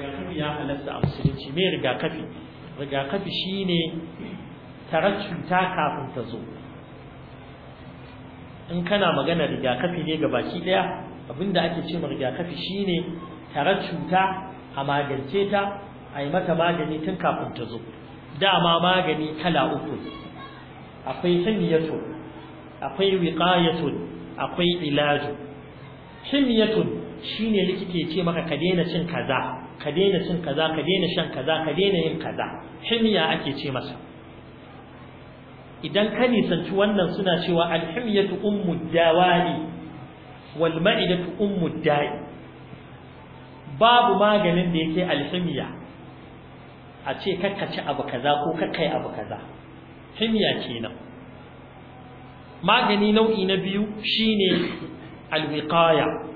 rigakafi ya halatta a musulunci me rigakafi rigakafi ne tare cuta kafin ta zo in kana magana rigakafi ne ga baki daya abinda ake ce rigakafi ne tare cuta a magance ta a yi mata magani tun kafin ta zo dama magani kala uku akwai himyatun akwai wiqayatun akwai ilaju himyatun Shi ne likita ya ce maka ka daina cin kaza ka daina cin kaza ka daina shan kaza ka daina yin kaza himya ake ce masa idan ka nisanci wannan suna cewa alhimyatu ummu dawali wal ma'idatu ummu da'i babu maganin da yake alhimiya a ce kakkaci abu kaza ko kakkai abu kaza himya kenan magani nau'i na biyu shine alwiqaya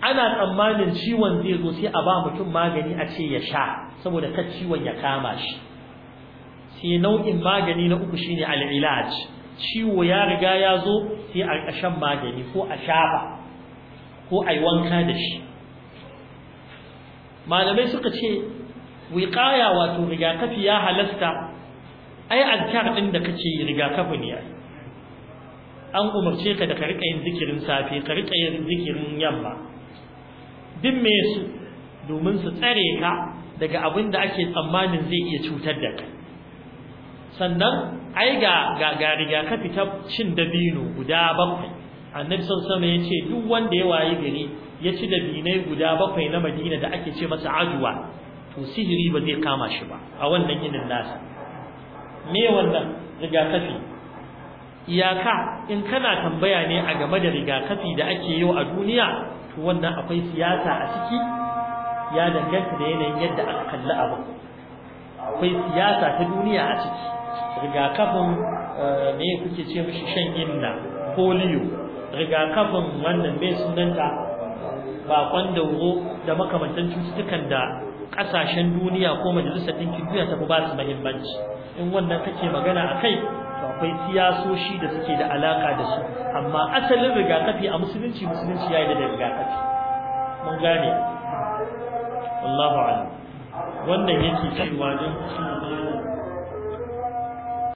ana tsammanin ciwon zai zo sai a ba mutum magani a ce ya sha saboda ta ciwon ya kama shi sai nau'in magani na uku shine al'ilaj ciwo ya riga ya zo sai a shan magani ko a shafa ko a yi wanka da shi malamai suka ce wiƙaya wato rigakafi ya halasta ai alkar ɗin da kake yi rigakafi ne an umarce ka da ka riƙa yin zikirin safe ka riƙa yin zikirin yamma duk me su domin su tsare ka daga abin da ake tsammanin zai iya cutar da kai sannan ai ga ga rigakafi ta cin dabino guda bakwai annabi sallallahu alaihi ya ce duk wanda ya wayi gari ya ci dabinai guda bakwai na madina da ake ce masa ajuwa to sihiri ba zai kama shi ba a wannan yinin nasa me wannan rigakafi iyaka in kana tambaya ne a game da rigakafi da ake yi a duniya to wannan akwai siyasa a ciki ya danganta da yanayin yadda aka kalli abu akwai siyasa ta duniya a ciki rigakafin eh, me kuke ce mishi shan inna polio rigakafin wannan mai sunanta bakon dauro da makamantan cututtukan da kasashen duniya ko majalisar ɗinkin duniya ta ba su muhimmanci in wannan kake magana a kai to akwai siyasoshi da suke da alaka da su amma asalin rigakafi a musulunci musulunci ya yi da rigakafi mun gane wallahu a'lam wannan yake cewa don su